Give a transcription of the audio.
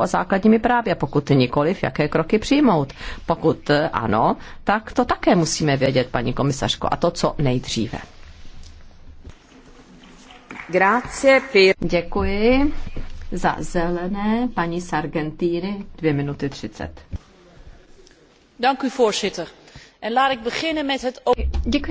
a základními právy a pokud nikoliv, jaké kroky přijmout. Pokud eh, ano, tak to také musíme vědět, paní komisařko, a to co nejdříve. Děkuji za zelené paní Sargentýry, dvě minuty třicet. Dank u voorzitter. En laat ik beginnen met het... Děkuji,